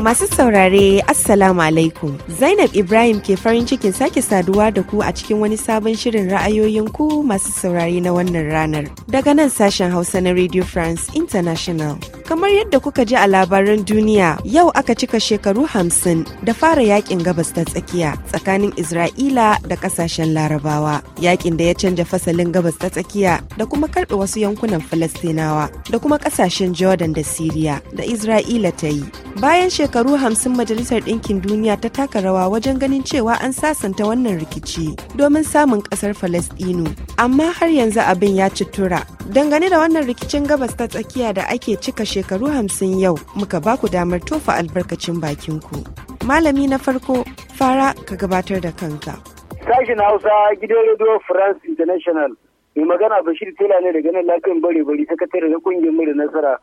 Masu saurare Assalamu alaikum Zainab Ibrahim ke farin cikin sake saduwa da ku a cikin wani sabon shirin ra'ayoyin ku masu saurare na wannan ranar daga nan sashen Hausa na Radio France International. Kamar yadda kuka ji a labaran duniya, yau aka cika shekaru hamsin da fara yakin gabas ta tsakiya tsakanin Isra'ila da kasashen Larabawa. Yakin da ya canja fasalin gabas ta tsakiya da kuma karɓe wasu yankunan Falastinawa da kuma kasashen Jordan da Siriya da Isra'ila ta yi. Bayan shekaru hamsin Majalisar Ɗinkin Duniya ta taka rawa wajen ganin cewa an sasanta wannan rikici domin samun ƙasar Falastinu. Amma har yanzu abin ya ci tura Dangane da wannan rikicin gabas ta tsakiya da ake cika shekaru hamsin yau muka ba ku damar tofa albarkacin bakinku. Malami na farko fara ka gabatar da kanka. Sashen Hausa gidan Radio France International mai magana Bashir Tela ne daga nan lafiyan bare bari sakatare da kungiyar mai nasara.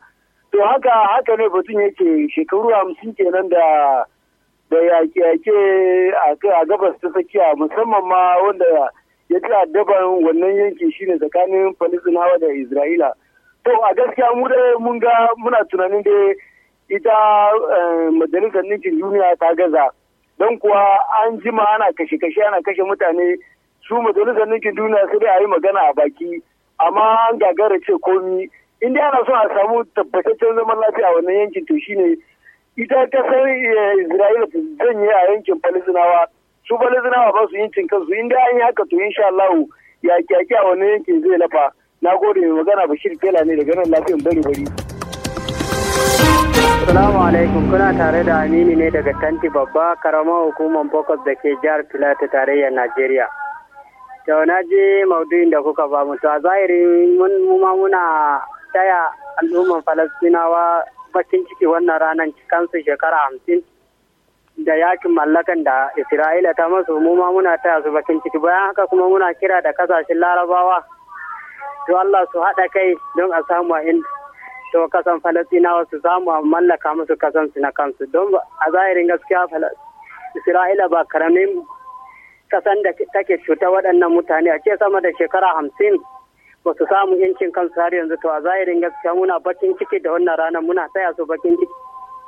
To haka haka ne batun yake shekaru hamsin kenan da da yaƙe-yaƙe a gabas ta tsakiya musamman ma wanda ya a daban wannan yanki shine tsakanin Falisinawa da Isra'ila. To a gaskiya mu da mun ga muna tunanin da ita eh, majalisar ninkin duniya ta gaza don kuwa an jima ana kashe-kashe ana kashe mutane su majalisar ninkin duniya sai dai a yi magana a baki amma an gagara ce komi in dai ana so a samu tabbataccen zaman lafiya a wannan yankin to shine ita kasar eh, isra'ila ta janye a yankin falisinawa su balazinawa ba su yin cin kansu in dai an yi haka to insha Allah ya kyakya a wani yankin zai lafa na gode mai magana Bashir kela ne da nan lafiyan bari bari Assalamu alaikum kuna tare da Aminu ne daga Tanti babba karamar hukumar Bokos da ke jihar Filata tarayyar Najeriya. To na je maudu'in da kuka ba mu to a zahiri mun ma muna taya al'umman Falastinawa bakin ciki wannan ranar cikansu shekara hamsin da yakin mallakan da Isra'ila ta masu mu ma muna ta su bakin ciki bayan haka kuma muna kira da kasashen Larabawa to Allah su haɗa kai don a samu in to kasan Falastinawa su samu a mallaka musu kasan su na kansu don a zahirin gaskiya Isra'ila ba karamin kasan da take cuta waɗannan mutane a ce sama da shekara hamsin ba su samu yancin kansu har yanzu to a zahirin gaskiya muna bakin ciki da wannan ranar muna taya su bakin ciki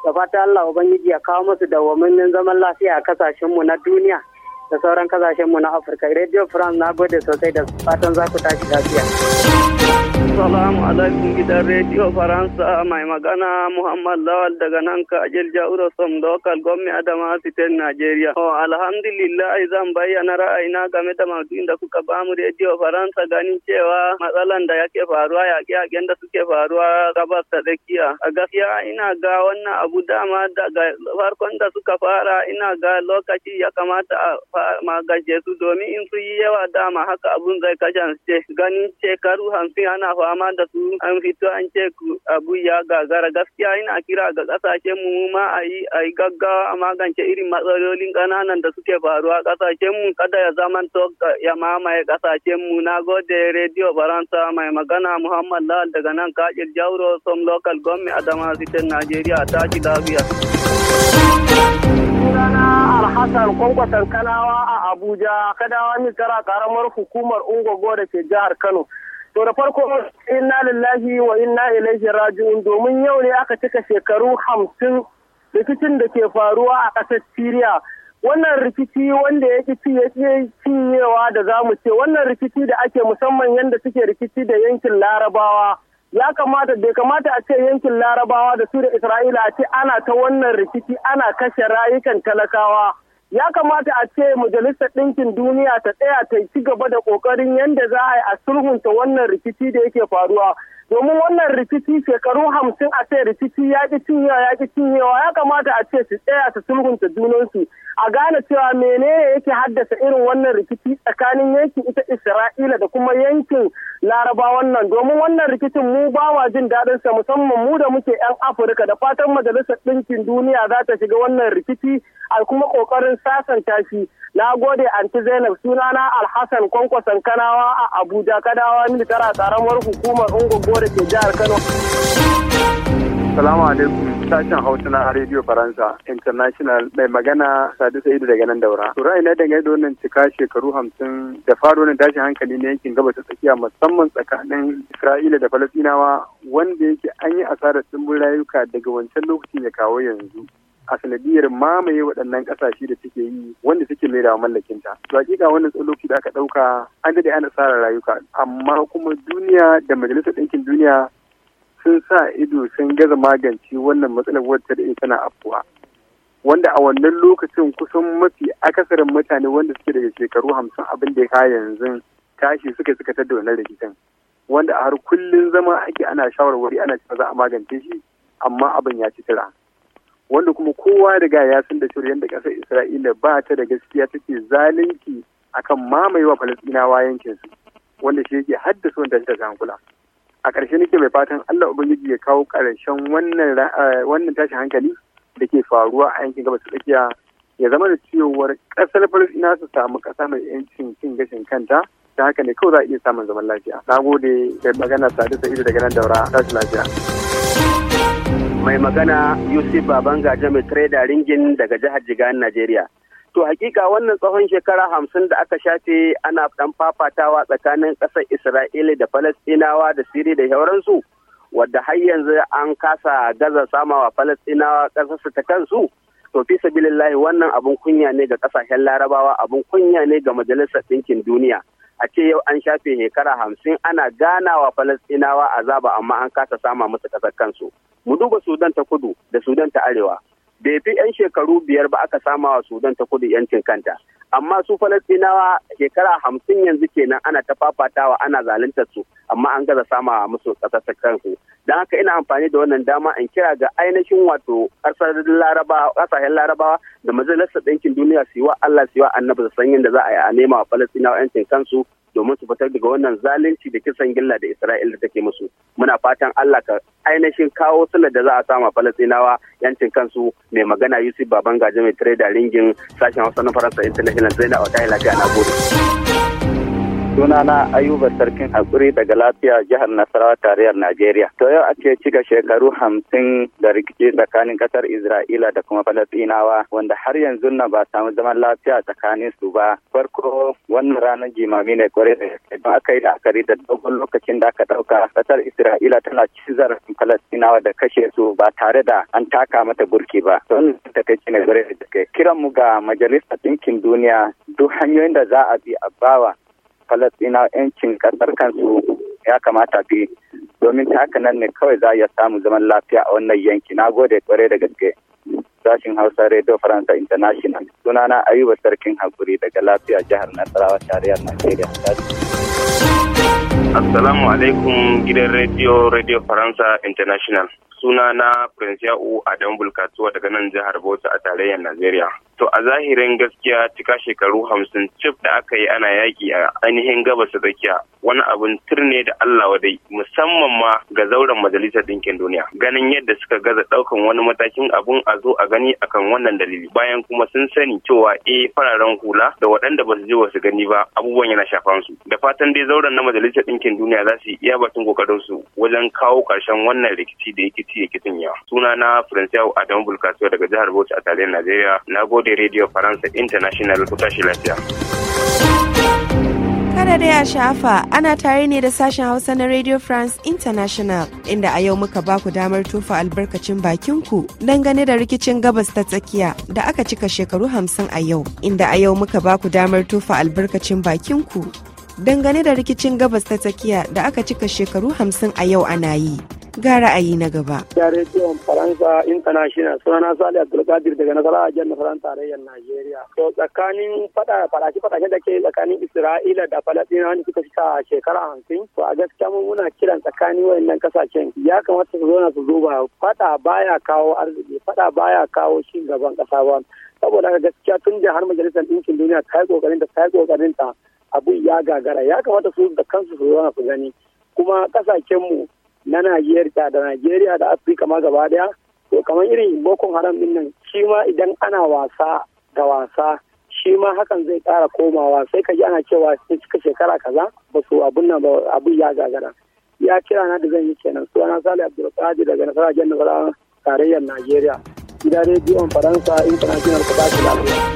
da fata Allah ubangiji ya kawo musu dawwamin zaman lafiya a kasashenmu na duniya da sauran kasashenmu na Afirka. Radio France na gode sosai da fatan za ku tashi lafiya. Assalamu alaikum gidan rediyo Faransa mai magana Muhammad Lawal daga nan ka ajil Jauro Som Dokal Gwamni Adama Sitin Najeriya. Oh, alhamdulillah zan bayyana ra'ayina game da maudu'in da kuka bamu rediyo Faransa ganin cewa matsalan da yake faruwa yaƙe-yaƙen da suke faruwa gabas ta tsakiya. A gaskiya ina ga wannan abu dama daga farkon da suka fara ina ga lokaci ya kamata a magaje su domin in su yi yawa dama haka abun zai kasance ganin shekaru hamsin ana fama da su an fito an ce abu ya gagara gaskiya ina kira ga kasashen mu ma a yi gaggawa a magance irin matsalolin kananan da suke faruwa kasashen mu kada ya zamanto ya mamaye kasashen mu na gode rediyo faransa mai magana muhammad lal daga nan kajir jauro som local government adama nigeria najeriya tashi lafiya. alhassan kwankwatan kanawa a abuja kadawa wani kara karamar hukumar ungogo da ke jihar kano To da farko inna lillahi wa inna ilaihi raji'un domin yau ne aka cika shekaru hamsin rikicin da ke faruwa a ƙasar Siriya. Wannan rikici wanda ya ci ya cinyewa da za mu ce wannan rikici da ake musamman yadda suke rikici da yankin Larabawa. Ya kamata bai kamata a ce yankin Larabawa da su da Isra'ila a ce ana ta wannan rikici ana kashe rayukan talakawa. ya kamata a ce majalisar ɗinkin duniya ta tsaya ta ci gaba da ƙoƙarin yadda za a yi a sulhunta wannan rikici da yake faruwa domin wannan rikici shekaru hamsin a ce rikici ya ƙi cinyewa ya ƙi cinyewa ya kamata a ce su tsaya su sulhunta junansu a gane cewa menene yake haddasa irin wannan rikici tsakanin yankin ita isra'ila da kuma yankin laraba nan domin wannan rikicin mu ba wa jin daɗin sa musamman mu da muke yan afirka da fatan majalisar ɗinkin duniya za ta shiga wannan rikici a kuma ƙoƙarin sasanta shi na gode anti zainab sunana alhassan kwankwason kanawa a abuja kadawa tara karamar hukumar ungogo da ke jihar kano salamu alaikum sashen hausa na radio faransa international mai magana sadu sa'idu daga nan daura tura ina da gaido nan cika shekaru hamsin da faro na tashin hankali na yankin gabas ta tsakiya musamman tsakanin isra'ila da falastinawa wanda yake an yi asarar tsimbin rayuka daga wancan lokacin ya kawo yanzu a sanadiyar mamaye waɗannan ƙasashe da suke yi wanda suke mai da mallakin ta to hakika wannan tsaloki da aka ɗauka an daɗe ana tsara rayuka amma kuma duniya da majalisar ɗinkin duniya sun sa ido sun gaza magance wannan matsalar wadda da tana afuwa wanda a wannan lokacin kusan mafi akasarin mutane wanda suke daga shekaru hamsin abin da ya yanzu tashi suka suka tada wannan rikicin wanda a har kullun zama ake ana shawarwari ana cewa za a magance shi amma abin ya ci tira wanda kuma kowa ga ya san da cewa yadda ƙasar isra'ila ba ta da gaskiya take zalunci akan mamayewa falastinawa yankin su wanda shi yake haddasa wanda ta hankula a ƙarshe nake mai fatan allah ubangiji ya kawo ƙarshen wannan tashin hankali da ke faruwa a yankin gabas tsakiya ya zama da cewar ƙasar falastina su samu ƙasa mai yancin cin gashin kanta ta haka ne kawai za a iya samun zaman lafiya na gode da magana sadu sa'idu daga nan daura tashi lafiya mai magana yusuf babanga jami trader ringin daga jihar jigan najeriya to hakika wannan tsawon shekara hamsin da aka shafe ana dan fafatawa tsakanin ƙasar isra'ila da falastinawa da siri da shauransu wadda har yanzu an kasa gaza samawa falastinawa ƙasarsu ta kansu to fi sabilillahi wannan abun kunya ne ga ƙasashen larabawa abun kunya ne ga majalisar ɗinkin duniya a ce yau an shafe shekara hamsin ana ganawa falastinawa azaba amma an kasa sama musu ƙasar kansu mu duba sudan ta kudu da sudan ta arewa bai fi 'yan shekaru biyar ba aka sama wa sudan ta kudu 'yancin kanta amma su falastinawa shekara hamsin yanzu kenan ana ta fafatawa ana zaluntar su amma an gaza sama musu ƙasar kansu don haka ina amfani da wannan dama in kira ga ainihin wato larabawa ƙasashen larabawa da majalisar ɗinkin duniya su yi wa Allah su yi wa annabi san yadda za a yi a nema wa falastinawa 'yancin kansu domin su fitar daga wannan zalunci da kisan gilla da Isra'ila take musu. Muna fatan Allah ka ainihin kawo sular da za a sama Falasinawa yancin kansu mai magana Yusuf Babangaje mai tare da ringin sashen Hausa na Faransa International Zainab Wata Lafiya na gode. Sunana Ayuba Sarkin Hatsuri daga lafiya jihar Nasarawa tarayyar Najeriya. To yau ake ce cika shekaru hamsin da rikici tsakanin ƙasar Isra'ila da kuma Falasinawa. wanda har yanzu na ba samu zaman lafiya tsakanin su ba. Farko wannan ranar jimami ne kwarai da idan aka yi la'akari da dogon lokacin da aka ɗauka ƙasar Isra'ila tana ci zarafin Falasɗinawa da kashe su ba tare da an taka mata burki ba. To wannan takaici ne kwarai da yake Kiran mu ga Majalisar Ɗinkin Duniya duk hanyoyin da za a bi a bawa falastina yancin kasar kansu ya kamata fi domin ta haka nan ne kawai za a iya samu zaman lafiya a wannan yanki na gode kware da gaske sashin hausa radio faransa international sunana ayuba sarkin hakuri daga lafiya jihar nasarawa tarayyar najeriya assalamu alaikum gidan radio radio faransa international suna na prince ya'u adamu bulkatuwa daga nan jihar bauchi a tarayyar najeriya to a zahirin gaskiya cika shekaru hamsin cif da aka yi ana yaƙi a ainihin gabas tsakiya wani abin turne da allah wadai musamman ma ga zauren majalisar ɗinkin duniya ganin yadda suka gaza ɗaukan wani matakin abun a zo a gani akan wannan dalili bayan kuma sun sani cewa eh fararen hula da waɗanda ba su je ba su gani ba abubuwan yana shafan su da fatan dai zauren na majalisar ɗinkin duniya za su yi iya bakin kokarin su wajen kawo ƙarshen wannan rikici da yake ya kitin Suna na Franciyau Adamu Bulkasiyo daga jihar Bauchi a tarayyar Najeriya. Na gode Radio Faransa International ku tashi lafiya. Kada da ya shafa ana tare ne da sashen Hausa na Radio France International inda a yau muka baku damar tufa albarkacin bakinku dangane da rikicin gabas ta tsakiya da aka cika shekaru hamsin a yau inda a yau muka baku damar tufa albarkacin bakin ku, dangane da rikicin gabas ta tsakiya da aka cika shekaru hamsin a yau ana yi. ga ra'ayi na gaba. Ya Faransa International sunana Sali Abdulkadir daga nasara a jihar Nasarar Tarayyar Najeriya. To tsakanin fada fadashi fadashe da ke tsakanin Isra'ila da Falasɗinawa suka fita shekara hamsin. To a gaskiya mun muna kiran tsakanin wayannan kasashen ya kamata su zauna su duba fada baya kawo arziki fada baya kawo ci gaban kasa ba. Saboda gaskiya tun da har majalisar ɗinkin duniya ta yi ƙoƙarin ta ta yi ƙoƙarin ta abun ya gagara ya kamata su da kansu su zauna su gani. Kuma kasashenmu na Najeriya da Najeriya da Afirka ma gaba daya to kamar irin boko haram din nan shi ma idan ana wasa da wasa shi ma hakan zai ƙara komawa sai ka ji ana cewa sun cika shekara kaza ba su abun nan ba abun ya gagara ya kira na da zan yi kenan suna Sale Qadir daga Nasara Jannah Tarayyar Najeriya gidan rediyon Faransa International Kudaci Lafiya.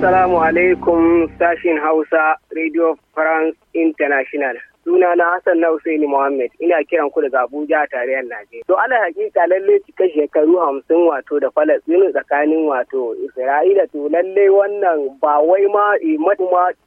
Assalamu alaikum sashin Hausa Radio France International. Suna na Hassan na Usaini Mohammed ina kiran ku daga Abuja a tarayyar Najeriya. To ala hakika lalle cika shekaru hamsin wato da Falastinu tsakanin wato Isra'ila to lalle wannan ba wai ma eh, ma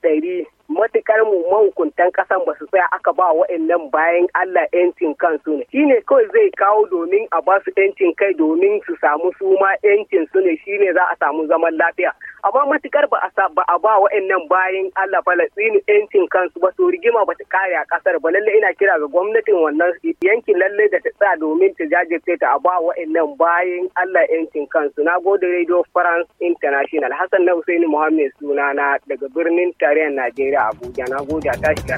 ɗari matukar mu mahukuntan kasan ba su tsaya aka ba wa'annan bayan Allah yancin kansu ne Shi ne kawai zai kawo domin a ba su yancin kai domin su samu su ma yancin su ne shi ne za a samu zaman lafiya amma matukar ba a ba a ba wa'annan bayan Allah tsini yancin kansu ba su rigima ba ta kare a kasar ba lallai ina kira ga gwamnatin wannan yankin lallai da ta tsaya domin ta jajirce ta a ba wa'annan bayan Allah yancin kansu na gode Radio France International Hassan na Hussein Muhammad na daga birnin tarayyar Najeriya Najeriya Abuja na goja ta shiga.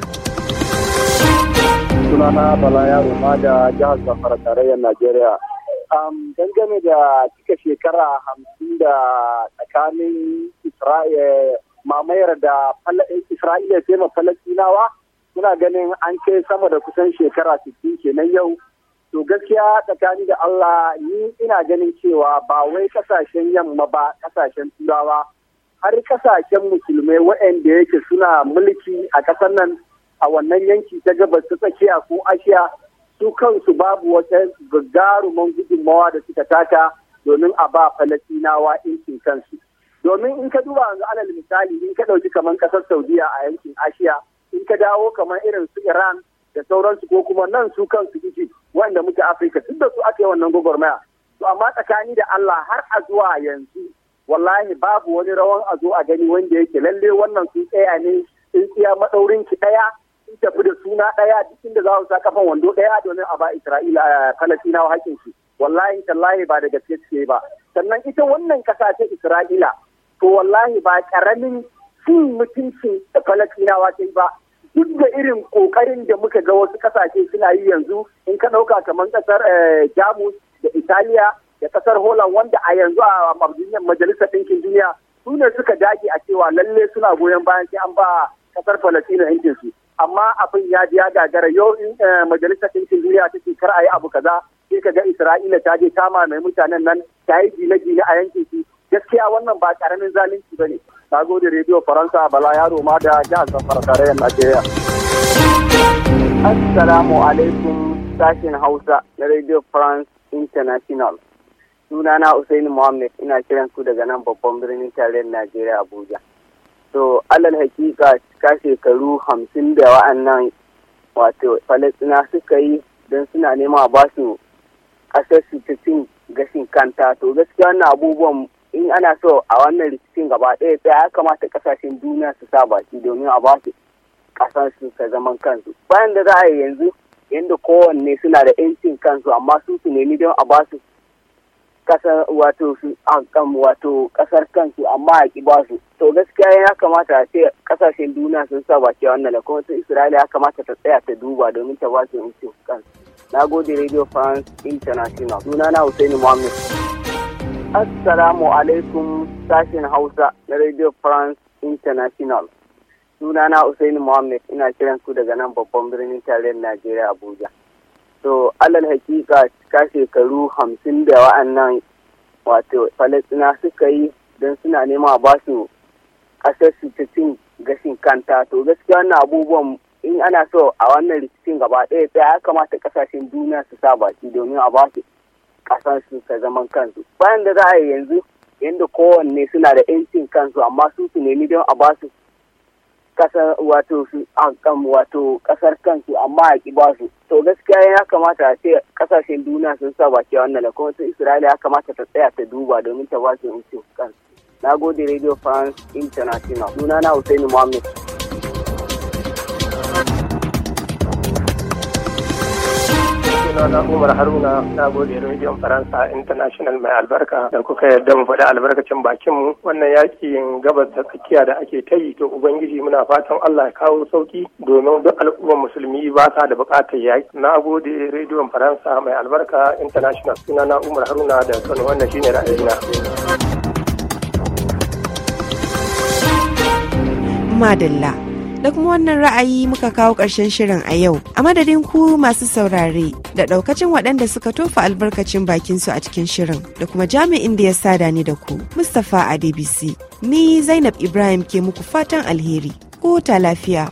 Sunana Bala ya ruma da jihar Zamfara tarayyar Najeriya. dangane da cika shekara hamsin da tsakanin mamayar da Isra'ila sai ma Falasinawa suna ganin an kai sama da kusan shekara 60 kenan yau to gaskiya tsakani da Allah ni ina ganin cewa ba wai kasashen yamma ba kasashen turawa har kasashen musulmai waɗanda yake suna mulki a ƙasar nan a wannan yanki ta gabas ta tsakiya ko ashiya su kansu babu wata gagaruman gudunmawa da suka taka domin a ba falasinawa inkin kansu domin in ka duba yanzu alal misali in ka ɗauki kamar ƙasar saudiya a yankin ashiya in ka dawo kamar irin su iran da sauransu ko kuma nan su kansu iji wanda muke afirka duk da su aka yi wannan gwagwarmaya to amma tsakani da allah har a zuwa yanzu wallahi babu wani rawan a zo a gani wanda yake lalle wannan sun tsaya ne in iya maɗaurin ki ɗaya in tafi da suna ɗaya duk inda za su sa kafan wando ɗaya domin a ba Isra'ila Falastinawa hakkin su wallahi tallahi ba da gaske suke ba sannan ita wannan ƙasa ce Isra'ila to wallahi ba ƙaramin cin mutuncin Falastinawa ta ba duk da irin ƙoƙarin da muka ga wasu ƙasashe suna yi yanzu in ka ɗauka kamar ƙasar eh, Jamus da Italiya da kasar Holland wanda a yanzu a majalisar ɗinkin duniya su ne suka dage a cewa lalle suna goyon bayan sai an ba kasar Falasina yankin su amma abin ya ji ya gagara yau in eh, majalisar ɗinkin duniya ta ce kar a yi abu kaza sai ka ga Isra'ila ta je kama mai mutanen nan ta yi gine-gine a yankin su gaskiya wannan ba karamin zalunci ba ne. Na gode rediyo Faransa Bala Yaro ma da jihar Zamfara tarayyar Najeriya. Assalamu alaikum sashen Hausa na Radio France International. suna na Usaini Muhammad ina kiran ku daga nan babban birnin tarayyar Najeriya Abuja. To alal hakika cika shekaru hamsin da wa'annan wato Falastina suka yi don suna nema a basu ƙasar su ta cin gashin kanta to gaskiya wannan abubuwan in ana so a wannan rikicin gaba ɗaya tsaya ya kamata ƙasashen duniya su sa baki domin a basu ƙasar su ta zaman kansu bayan da za a yi yanzu yadda kowanne suna da 'yancin kansu amma su su nemi don a basu kasar wato su an kan wato kasar kansu amma a ki ba su to gaskiya ya kamata a ce kasashen duniya sun sa baki wannan da kuma Isra'ila ya kamata ta tsaya ta duba domin ta ba su mutum kansu na gode Radio France International na Hussein muhammed Assalamu alaikum sashen Hausa na Radio France International sunana Hussein muhammed ina kiran ku daga nan babban birnin tarayyar Najeriya Abuja to alal hakika cika shekaru hamsin da wa'annan wato falastina suka yi don suna nema ba su kasar su ta cin gashin kanta to gaskiya wannan abubuwan in ana so a wannan rikicin gaba ɗaya tsaya ya kamata kasashen duniya su sa baki domin a ba su kasar su ta zaman kansu bayan da za a yi yanzu yadda kowanne suna da 'yancin kansu amma su su nemi don a ba su kasar wato su an kan wato kasar kansu amma a ki ba su to gaskiya ya kamata a ce kasashen duniya sun sa baki wannan da kuma sun isra'ila ya kamata ta tsaya ta duba domin ta ba su kansu na gode radio france international sunana hussaini muhammad sunana Umar Haruna na gode rediyon Faransa International mai albarka da kuka yarda mu faɗi albarkacin bakinmu wannan yakin gabas da tsakiya da ake ta yi to ubangiji muna fatan Allah ya kawo sauki domin duk al'ummar musulmi ba sa da buƙatar yaki. Na gode rediyon Faransa mai albarka International sunana Umar Haruna da Kano wannan shine ra'ayina. Madalla da kuma wannan ra'ayi muka kawo ƙarshen shirin a yau a madadin ku masu saurare da ɗaukacin waɗanda suka tofa albarkacin bakin su a cikin shirin da kuma jami'in da ya sada ni da ku mustapha a ni zainab ibrahim ke muku fatan alheri ko ta lafiya